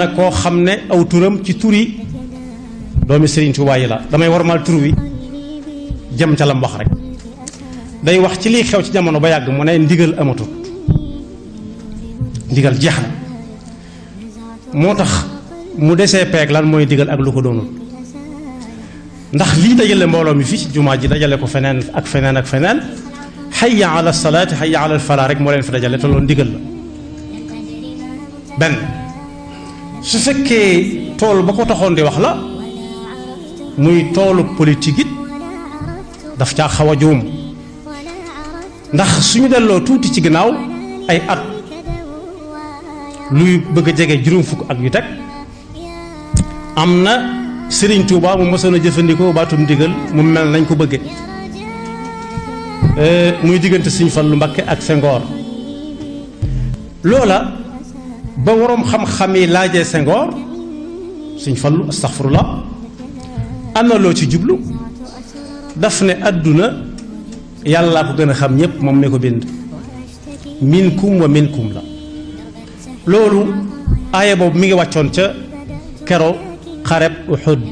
na koo xam ne aw turam ci turi doomi Serigne Touba yi la damay warmal tur wi jëm ca lam wax rek day wax ci liy xew ci jamono ba yàgg mu ne ndigal amatut ndigal jeex na mu desee peeg lan mooy ndigal ak lu ko ndax lii dajale mbooloo mi fii ci jumaa ji dajale ko feneen ak feneen ak feneen xayya ala salaati xayya ala falaa rek moo leen fi dajale te loolu ndigal la benn su fekkee toolu ba ko taxoon di wax la muy toolu politique it daf caa xaw a juum ndax suñu delloo tuuti ci ginnaaw ay at luy bëgg a jege juróom fukk ak yu teg am na Sëriñ Tuuba mu mosoon a jëfandikoo baatum ndigal mu mel nañ ko bëgge euh, muy diggante fan lu Mbakke ak Senghor loola ba waroom xam-xam yi laajee Senghor suñ fallu astaghfirullah am na ci jublu daf ne àdduna yalla ko gën a xam ñépp moom mi ko bind minkum wa minkum la loolu aaya boobu mi ngi wàccoon ca kero xareb Uhud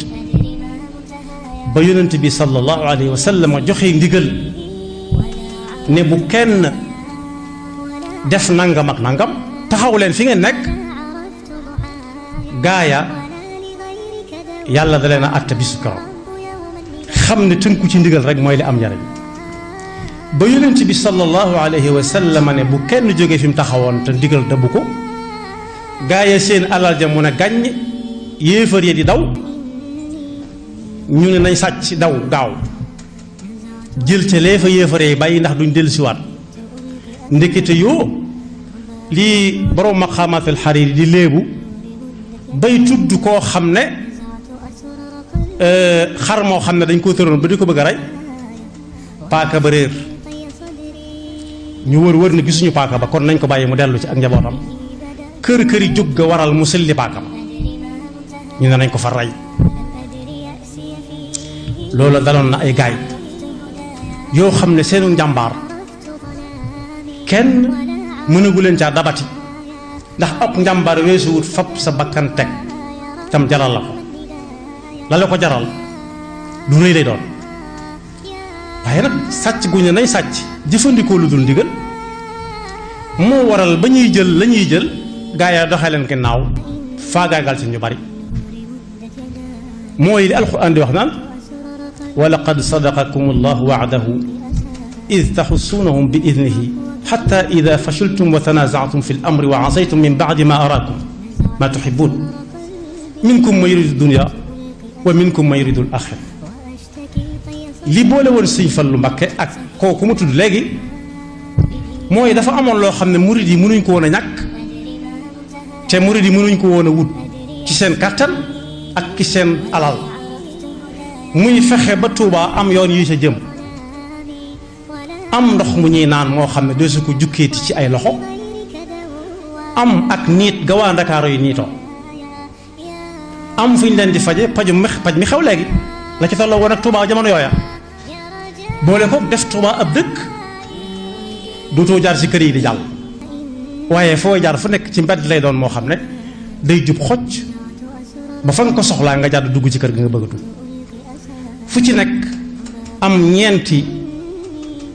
ba yonent bi sallallahu alayhi wa sallam joxe ndigal ne bu kenn def nangam ak nangam taxaw leen fi ngeen nekk gaaya yàlla da leen a àtte bisu keroog xam ne tënku ci ndigal rek mooy li am njariñ ba yonent bi sallallahu alayhi wa sallam ne bu kenn jógee fi mu taxawoon te ndigal dabu ko gaaya seen alal ja mun a gàññ yéefar ya di daw ñu ne nañ sàcc daw gaaw jël ca lee fa bàyyi ndax duñ dellusiwaat ndekete yoo li borom maqaamaatul xariir di lebu bay tudd ko xamne euh xar mo xamne dañ ko teeron ba diko beug ray pa ka paaka ñu wër wër na gisuñu ka ba kon nañ ko baye mu delu ci ak njabotam keur keuri jóg ga waral mu pa ka ñu nañ ko fa ray lolo dalon na ay gaay yo xamne seenu kenn mënagu leen caa dabati ndax ab njàmbar weesuwut fab sa bakkante tam jaral la ko la la ko jaral lu rëy lay doon waaye nag sàcc guñ ne nañ sàcc jëfandikoo lu dul ndigal moo waral ba ñuy jël la ñuy jël gaa yaa doxee leen ginnaaw faagaagal ci ñu bari mooy li alxuraan di wax naan wa laqad sadaqakum allahu waadahu id taxusuunahum bi idnihi حتى إذا فشلتم وتنازعتم في الأمر وعصيتم من بعد ما أراكم ما تحبون منكم ما يريد الدنيا ومنكم ما يريد الآخرة li boole woon sëñ Fallu Mbàkke ak kooku mu tudd léegi mooy dafa amoon loo xam ne murid yi mënuñ ko woon a ñàkk te murid yi mënuñ ko woon a wut ci seen kàttan ak ci seen alal muy fexe ba Tuubaa am yoon yu sa jëm am ndox mu ñuy naan moo xam ne doo su ko jukkeeti ci ay loxo am ak niit ga waa ndakaaro niitoo am fu ñu leen di faje paju mi paj mi xew léegi la ci tolloo woon ak Touba jamono yooya boole ko def Touba ab dëkk dootoo jaar ci kër yi di jàll waaye foo jaar fu nekk ci mbedd lay doon moo xam ne day jub xocc ba fa nga ko soxlaa nga jàdd dugg ci kër gi nga bëgg fu ci nekk am ñeenti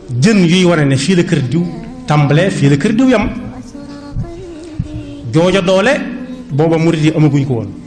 jën yuy wane ne fii la kër diw tàmbalee fii la kër diw yam jooja doole booba murid yi amaguñ ko woon